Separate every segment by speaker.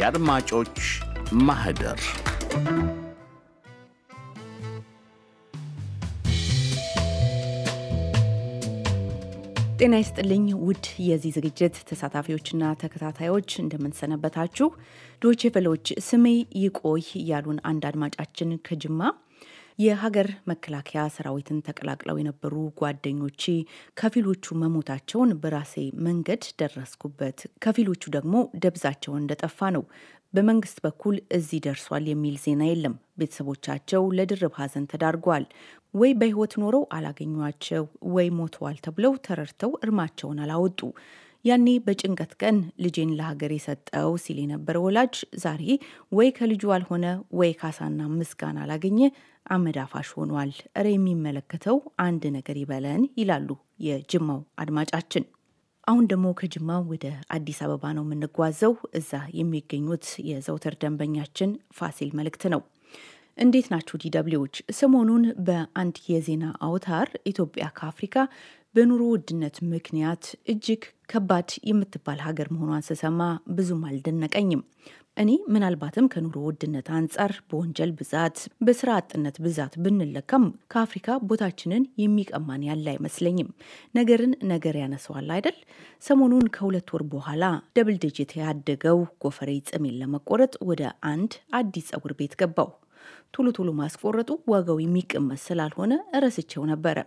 Speaker 1: የአድማጮች ማህደር ጤና ይስጥልኝ ውድ የዚህ ዝግጅት ተሳታፊዎችና ተከታታዮች እንደምንሰነበታችሁ። ዶቼ ቬለዎች ስሜ ይቆይ ያሉን አንድ አድማጫችን ከጅማ የሀገር መከላከያ ሰራዊትን ተቀላቅለው የነበሩ ጓደኞቼ ከፊሎቹ መሞታቸውን በራሴ መንገድ ደረስኩበት፣ ከፊሎቹ ደግሞ ደብዛቸውን እንደጠፋ ነው። በመንግስት በኩል እዚህ ደርሷል የሚል ዜና የለም። ቤተሰቦቻቸው ለድርብ ሀዘን ተዳርጓል። ወይ በህይወት ኖረው አላገኟቸው፣ ወይ ሞተዋል ተብለው ተረድተው እርማቸውን አላወጡ። ያኔ በጭንቀት ቀን ልጄን ለሀገር የሰጠው ሲል የነበረ ወላጅ ዛሬ ወይ ከልጁ አልሆነ ወይ ካሳና ምስጋና አላገኘ አመዳፋሽ ሆኗል። እረ የሚመለከተው አንድ ነገር ይበለን ይላሉ የጅማው አድማጫችን። አሁን ደግሞ ከጅማ ወደ አዲስ አበባ ነው የምንጓዘው። እዛ የሚገኙት የዘውተር ደንበኛችን ፋሲል መልእክት ነው። እንዴት ናችሁ ዲደብሊዎች? ሰሞኑን በአንድ የዜና አውታር ኢትዮጵያ ከአፍሪካ በኑሮ ውድነት ምክንያት እጅግ ከባድ የምትባል ሀገር መሆኗን ስሰማ ብዙም አልደነቀኝም። እኔ ምናልባትም ከኑሮ ውድነት አንጻር በወንጀል ብዛት፣ በስራ አጥነት ብዛት ብንለካም ከአፍሪካ ቦታችንን የሚቀማን ያለ አይመስለኝም። ነገርን ነገር ያነሰዋል አይደል? ሰሞኑን ከሁለት ወር በኋላ ደብል ዲጂት ያደገው ጎፈሬ ጽሜን ለመቆረጥ ወደ አንድ አዲስ ጸጉር ቤት ገባው። ቶሎ ቶሎ ማስቆረጡ ዋጋው የሚቀመስ ስላልሆነ ረስቸው ነበረ።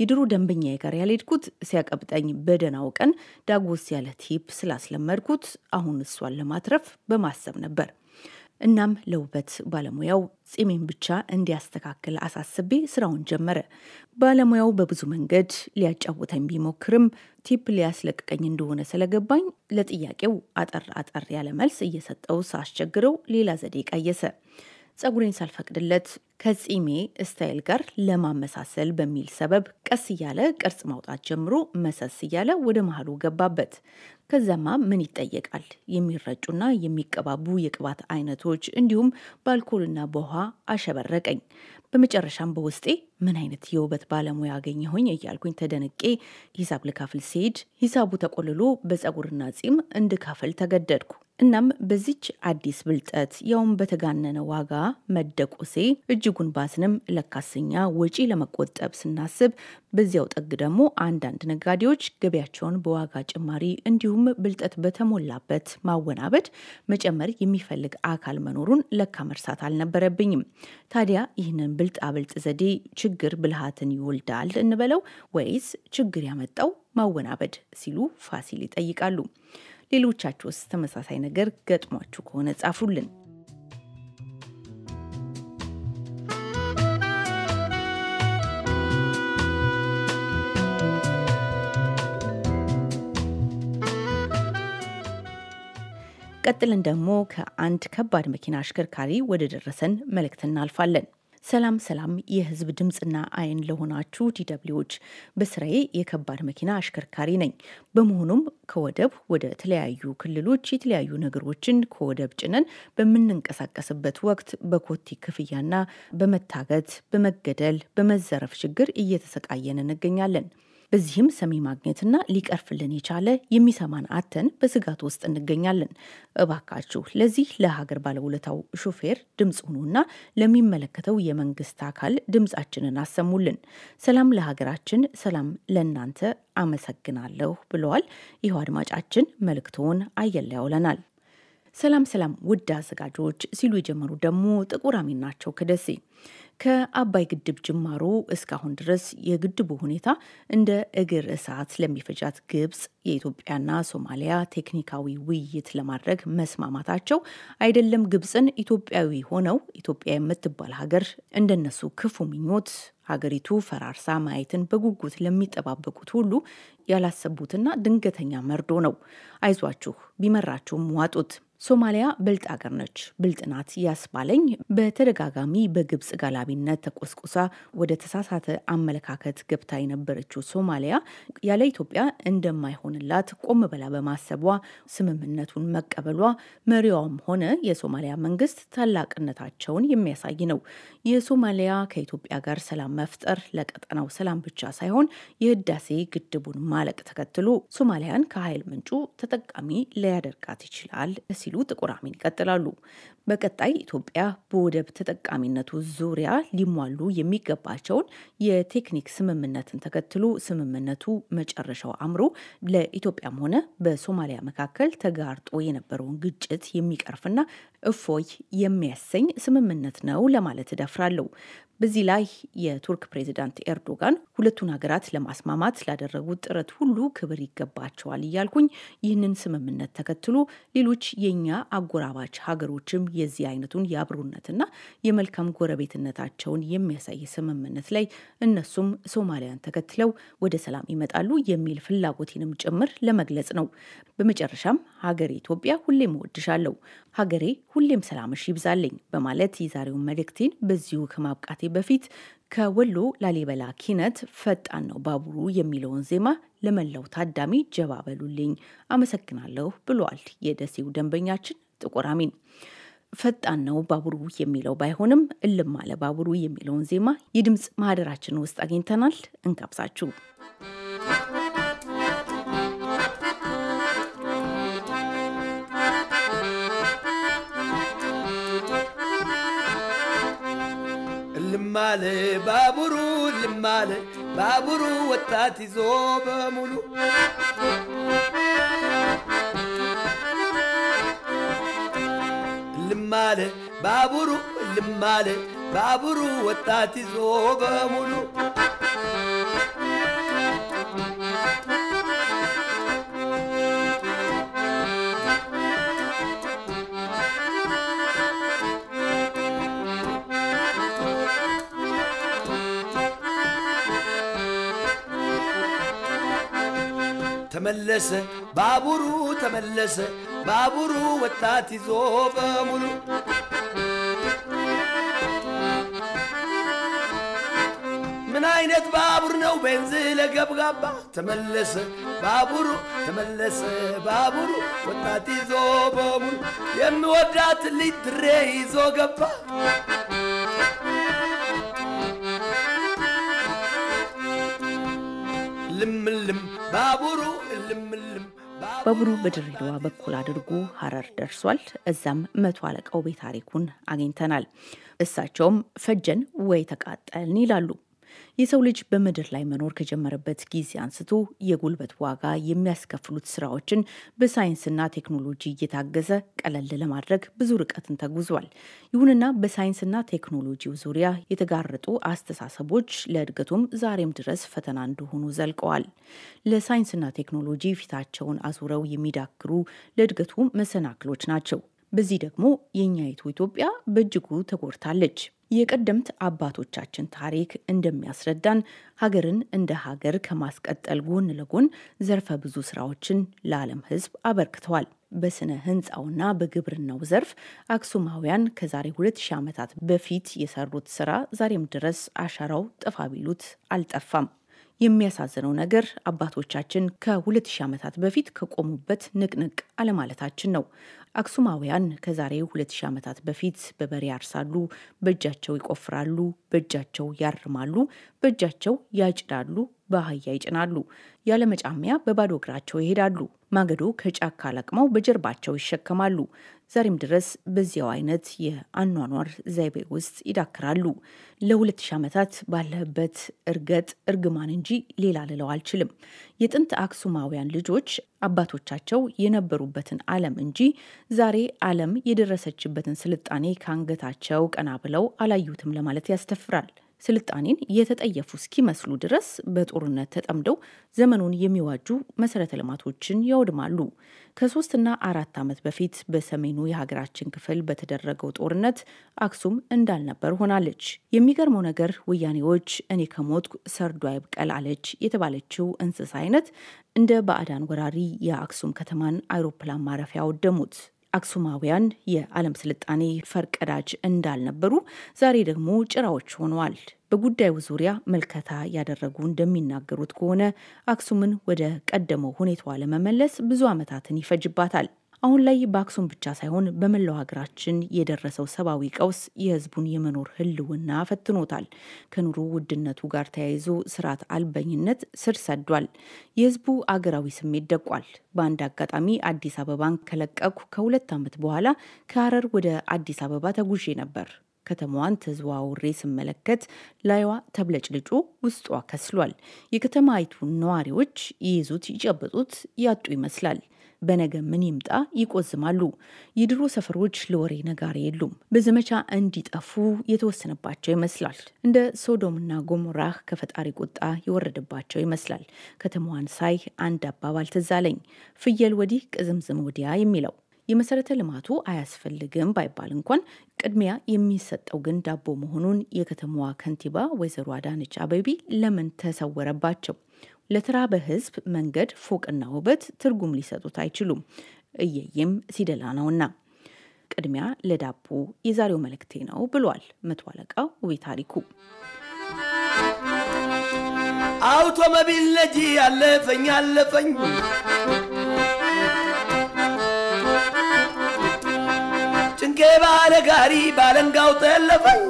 Speaker 1: የድሮ ደንበኛዬ ጋር ያልሄድኩት ሲያቀብጠኝ በደህናው ቀን ዳጎስ ያለ ቲፕ ስላስለመድኩት አሁን እሷን ለማትረፍ በማሰብ ነበር። እናም ለውበት ባለሙያው ጺሜን ብቻ እንዲያስተካክል አሳስቤ ስራውን ጀመረ። ባለሙያው በብዙ መንገድ ሊያጫውተኝ ቢሞክርም ቲፕ ሊያስለቅቀኝ እንደሆነ ስለገባኝ ለጥያቄው አጠር አጠር ያለ መልስ እየሰጠው ሳስቸግረው ሌላ ዘዴ ቀየሰ። ጸጉሬን ሳልፈቅድለት ከጺሜ ስታይል ጋር ለማመሳሰል በሚል ሰበብ ቀስ እያለ ቅርጽ ማውጣት ጀምሮ መሰስ እያለ ወደ መሃሉ ገባበት። ከዛማ ምን ይጠየቃል? የሚረጩና የሚቀባቡ የቅባት አይነቶች እንዲሁም በአልኮልና በውሃ አሸበረቀኝ። በመጨረሻም በውስጤ ምን አይነት የውበት ባለሙያ አገኘሁኝ እያልኩኝ ተደነቄ ሂሳብ ልካፍል ሲሄድ ሂሳቡ ተቆልሎ በጸጉርና ጺም እንድካፈል ተገደድኩ። እናም በዚች አዲስ ብልጠት ያውም በተጋነነ ዋጋ መደቆሴ እጅጉን ባስንም ለካስኛ ወጪ ለመቆጠብ ስናስብ በዚያው ጠግ ደግሞ አንዳንድ ነጋዴዎች ገበያቸውን በዋጋ ጭማሪ እንዲሁም ብልጠት በተሞላበት ማወናበድ መጨመር የሚፈልግ አካል መኖሩን ለካ መርሳት አልነበረብኝም። ታዲያ ይህንን ብልጣብልጥ ዘዴ ችግር ብልሃትን ይወልዳል እንበለው ወይስ ችግር ያመጣው ማወናበድ ሲሉ ፋሲል ይጠይቃሉ። ሌሎቻችሁስ ተመሳሳይ ነገር ገጥሟችሁ ከሆነ ጻፉልን። ቀጥልን ደግሞ ከአንድ ከባድ መኪና አሽከርካሪ ወደ ደረሰን መልእክት እናልፋለን። ሰላም ሰላም፣ የህዝብ ድምፅና አይን ለሆናችሁ ዲደብሊዎች በስራዬ የከባድ መኪና አሽከርካሪ ነኝ። በመሆኑም ከወደብ ወደ ተለያዩ ክልሎች የተለያዩ ነገሮችን ከወደብ ጭነን በምንንቀሳቀስበት ወቅት በኮቲ ክፍያና በመታገት በመገደል በመዘረፍ ችግር እየተሰቃየን እንገኛለን። በዚህም ሰሚ ማግኘትና ሊቀርፍልን የቻለ የሚሰማን አተን በስጋት ውስጥ እንገኛለን። እባካችሁ ለዚህ ለሀገር ባለውለታው ሹፌር ድምፅ ሁኑና ለሚመለከተው የመንግስት አካል ድምፃችንን አሰሙልን። ሰላም ለሀገራችን፣ ሰላም ለእናንተ፣ አመሰግናለሁ ብለዋል። ይህ አድማጫችን መልእክቶውን አየለ ያውለናል። ሰላም ሰላም፣ ውድ አዘጋጆች ሲሉ የጀመሩ ደግሞ ጥቁር አሚን ናቸው ከደሴ ከአባይ ግድብ ጅማሮ እስካሁን ድረስ የግድቡ ሁኔታ እንደ እግር እሳት ለሚፈጃት ግብጽ የኢትዮጵያና ሶማሊያ ቴክኒካዊ ውይይት ለማድረግ መስማማታቸው አይደለም ግብጽን ኢትዮጵያዊ ሆነው ኢትዮጵያ የምትባል ሀገር እንደነሱ ክፉ ምኞት ሀገሪቱ ፈራርሳ ማየትን በጉጉት ለሚጠባበቁት ሁሉ ያላሰቡትና ድንገተኛ መርዶ ነው። አይዟችሁ፣ ቢመራችሁም ዋጡት። ሶማሊያ ብልጥ አገር ነች፣ ብልጥናት ያስባለኝ በተደጋጋሚ በግብፅ ጋላቢነት ተቆስቁሳ ወደ ተሳሳተ አመለካከት ገብታ የነበረችው ሶማሊያ ያለ ኢትዮጵያ እንደማይሆንላት ቆም ብላ በማሰቧ ስምምነቱን መቀበሏ መሪዋም ሆነ የሶማሊያ መንግስት ታላቅነታቸውን የሚያሳይ ነው። የሶማሊያ ከኢትዮጵያ ጋር ሰላም መፍጠር ለቀጠናው ሰላም ብቻ ሳይሆን የህዳሴ ግድቡን ማለቅ ተከትሎ ሶማሊያን ከኃይል ምንጩ ተጠቃሚ ሊያደርጋት ይችላል ሲሉ ጥቁር አሚን ይቀጥላሉ። በቀጣይ ኢትዮጵያ በወደብ ተጠቃሚነቱ ዙሪያ ሊሟሉ የሚገባቸውን የቴክኒክ ስምምነትን ተከትሎ ስምምነቱ መጨረሻው አምሮ ለኢትዮጵያም ሆነ በሶማሊያ መካከል ተጋርጦ የነበረውን ግጭት የሚቀርፍና እፎይ የሚያሰኝ ስምምነት ነው ለማለት እደፍራለሁ። በዚህ ላይ የቱርክ ፕሬዚዳንት ኤርዶጋን ሁለቱን ሀገራት ለማስማማት ላደረጉት ጥረት ሁሉ ክብር ይገባቸዋል እያልኩኝ ይህንን ስምምነት ተከትሎ ሌሎች የእኛ አጎራባች ሀገሮችም የዚህ አይነቱን የአብሮነትና የመልካም ጎረቤትነታቸውን የሚያሳይ ስምምነት ላይ እነሱም ሶማሊያን ተከትለው ወደ ሰላም ይመጣሉ የሚል ፍላጎቴንም ጭምር ለመግለጽ ነው። በመጨረሻም ሀገሬ ኢትዮጵያ ሁሌም እወድሻለሁ፣ ሀገሬ ሁሌም ሰላምሽ ይብዛልኝ በማለት የዛሬውን መልእክቴን በዚሁ ከማብቃቴ በፊት ከወሎ ላሊበላ ኪነት ፈጣን ነው ባቡሩ የሚለውን ዜማ ለመላው ታዳሚ ጀባ በሉልኝ አመሰግናለሁ ብሏል የደሴው ደንበኛችን ጥቁር አሚን። ፈጣን ነው ባቡሩ የሚለው ባይሆንም እልም አለ ባቡሩ የሚለውን ዜማ የድምፅ ማህደራችን ውስጥ አግኝተናል። እንጋብዛችሁ።
Speaker 2: እልም አለ ባቡሩ እልም አለ ባቡሩ ወጣት ይዞ በሙሉ ልማለ ባቡሩ ልማለ ባቡሩ ወጣት ይዞ በሙሉ ተመለሰ ባቡሩ ተመለሰ ባቡሩ ወጣት ይዞ በሙሉ ምን አይነት ባቡር ነው? ቤንዝ ለገብጋባ ተመለሰ ባቡሩ ተመለሰ ባቡሩ ወጣት ይዞ በሙሉ የሚወዳት ልጅ ድሬ ይዞ ገባ። ልምልም ባቡሩ
Speaker 1: ባቡሩ በድሬዳዋ በኩል አድርጎ ሀረር ደርሷል። እዛም መቶ አለቃው ቤታሪኩን አግኝተናል። እሳቸውም ፈጀን ወይ ተቃጠልን ይላሉ። የሰው ልጅ በምድር ላይ መኖር ከጀመረበት ጊዜ አንስቶ የጉልበት ዋጋ የሚያስከፍሉት ስራዎችን በሳይንስና ቴክኖሎጂ እየታገዘ ቀለል ለማድረግ ብዙ ርቀትን ተጉዟል። ይሁንና በሳይንስና ቴክኖሎጂው ዙሪያ የተጋረጡ አስተሳሰቦች ለእድገቱም ዛሬም ድረስ ፈተና እንደሆኑ ዘልቀዋል። ለሳይንስና ቴክኖሎጂ ፊታቸውን አዙረው የሚዳክሩ ለእድገቱ መሰናክሎች ናቸው። በዚህ ደግሞ የእኛይቱ ኢትዮጵያ በእጅጉ ተጎድታለች። የቀደምት አባቶቻችን ታሪክ እንደሚያስረዳን ሀገርን እንደ ሀገር ከማስቀጠል ጎን ለጎን ዘርፈ ብዙ ስራዎችን ለዓለም ሕዝብ አበርክተዋል። በስነ ህንፃውና በግብርናው ዘርፍ አክሱማውያን ከዛሬ 2000 ዓመታት በፊት የሰሩት ስራ ዛሬም ድረስ አሻራው ጥፋ ቢሉት አልጠፋም። የሚያሳዝነው ነገር አባቶቻችን ከ2000 ዓመታት በፊት ከቆሙበት ንቅንቅ አለማለታችን ነው። አክሱማውያን ከዛሬ 2000 ዓመታት በፊት በበሬ ያርሳሉ፣ በእጃቸው ይቆፍራሉ፣ በእጃቸው ያርማሉ፣ በእጃቸው ያጭዳሉ፣ በአህያ ይጭናሉ። ያለመጫሚያ በባዶ እግራቸው ይሄዳሉ። ማገዶ ከጫካ ለቅመው በጀርባቸው ይሸከማሉ። ዛሬም ድረስ በዚያው አይነት የአኗኗር ዘይቤ ውስጥ ይዳክራሉ። ለ2000 ዓመታት ባለህበት እርገጥ እርግማን እንጂ ሌላ ልለው አልችልም። የጥንት አክሱማውያን ልጆች አባቶቻቸው የነበሩበትን ዓለም እንጂ ዛሬ ዓለም የደረሰችበትን ስልጣኔ ከአንገታቸው ቀና ብለው አላዩትም ለማለት ያስተፍራል። ስልጣኔን የተጠየፉ እስኪመስሉ ድረስ በጦርነት ተጠምደው ዘመኑን የሚዋጁ መሰረተ ልማቶችን ያወድማሉ። ከሶስትና አራት ዓመት በፊት በሰሜኑ የሀገራችን ክፍል በተደረገው ጦርነት አክሱም እንዳልነበር ሆናለች። የሚገርመው ነገር ወያኔዎች እኔ ከሞትኩ ሰርዶ አይብቀል አለች የተባለችው እንስሳ አይነት እንደ ባዕዳን ወራሪ የአክሱም ከተማን አውሮፕላን ማረፊያ አወደሙት። አክሱማውያን የዓለም ስልጣኔ ፈርቀዳጅ እንዳልነበሩ ዛሬ ደግሞ ጭራዎች ሆነዋል። በጉዳዩ ዙሪያ መልከታ ያደረጉ እንደሚናገሩት ከሆነ አክሱምን ወደ ቀደመው ሁኔታዋ ለመመለስ ብዙ ዓመታትን ይፈጅባታል። አሁን ላይ በአክሱም ብቻ ሳይሆን በመላው ሀገራችን የደረሰው ሰብአዊ ቀውስ የህዝቡን የመኖር ህልውና ፈትኖታል። ከኑሮ ውድነቱ ጋር ተያይዞ ስርዓት አልበኝነት ስር ሰዷል። የህዝቡ አገራዊ ስሜት ደቋል። በአንድ አጋጣሚ አዲስ አበባን ከለቀኩ ከሁለት ዓመት በኋላ ከሀረር ወደ አዲስ አበባ ተጉዤ ነበር። ከተማዋን ተዘዋውሬ ስመለከት ላይዋ ተብለጭልጩ ውስጧ ከስሏል። የከተማይቱ ነዋሪዎች ይይዙት ይጨብጡት ያጡ ይመስላል። በነገ ምን ይምጣ ይቆዝማሉ። የድሮ ሰፈሮች ለወሬ ነጋሪ የሉም። በዘመቻ እንዲጠፉ የተወሰነባቸው ይመስላል። እንደ ሶዶምና ጎሞራህ ከፈጣሪ ቁጣ የወረደባቸው ይመስላል። ከተማዋን ሳይ አንድ አባባል ትዝ አለኝ፣ ፍየል ወዲህ ቅዝምዝም ወዲያ የሚለው የመሰረተ ልማቱ አያስፈልግም ባይባል እንኳን ቅድሚያ የሚሰጠው ግን ዳቦ መሆኑን የከተማዋ ከንቲባ ወይዘሮ አዳነች አቤቤ ለምን ተሰወረባቸው? ለተራበ ሕዝብ መንገድ፣ ፎቅና ውበት ትርጉም ሊሰጡት አይችሉም። እየየም ሲደላ ነውና ቅድሚያ ለዳቦ የዛሬው መልእክቴ ነው ብሏል መቶ አለቃው ውቤ ታሪኩ። አውቶሞቢል ነጂ አለፈኝ አለፈኝ
Speaker 2: ጭንቄ ባለ ጋሪ ባለንጋው ተለፈኝ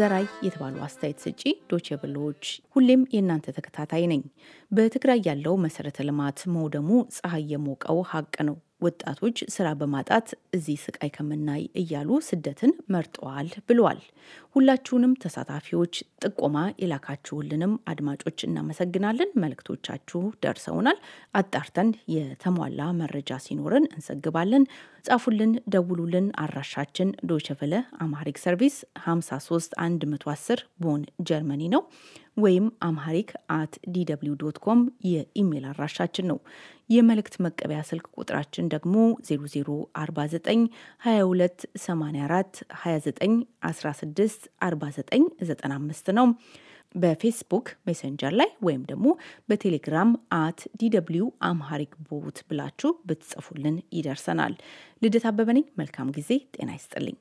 Speaker 1: ዘራይ የተባሉ አስተያየት ሰጪ ዶቼ ብሎዎች ሁሌም የእናንተ ተከታታይ ነኝ። በትግራይ ያለው መሰረተ ልማት መውደሙ ፀሐይ የሞቀው ሀቅ ነው። ወጣቶች ስራ በማጣት እዚህ ስቃይ ከምናይ እያሉ ስደትን መርጠዋል ብለዋል። ሁላችሁንም ተሳታፊዎች ጥቆማ የላካችሁልንም አድማጮች እናመሰግናለን። መልእክቶቻችሁ ደርሰውናል። አጣርተን የተሟላ መረጃ ሲኖረን እንዘግባለን። ጻፉልን፣ ደውሉልን። አድራሻችን ዶቸቨለ አማሪክ ሰርቪስ 53110 ቦን ጀርመኒ ነው። ወይም አምሃሪክ አት ዲደብሊው ዶት ኮም የኢሜይል አድራሻችን ነው። የመልእክት መቀበያ ስልክ ቁጥራችን ደግሞ 0049228429164995 ነው። በፌስቡክ ሜሴንጀር ላይ ወይም ደግሞ በቴሌግራም አት ዲደብሊው አምሃሪክ ቦት ብላችሁ ብትጽፉልን ይደርሰናል። ልደት አበበ ነኝ። መልካም ጊዜ። ጤና ይስጥልኝ።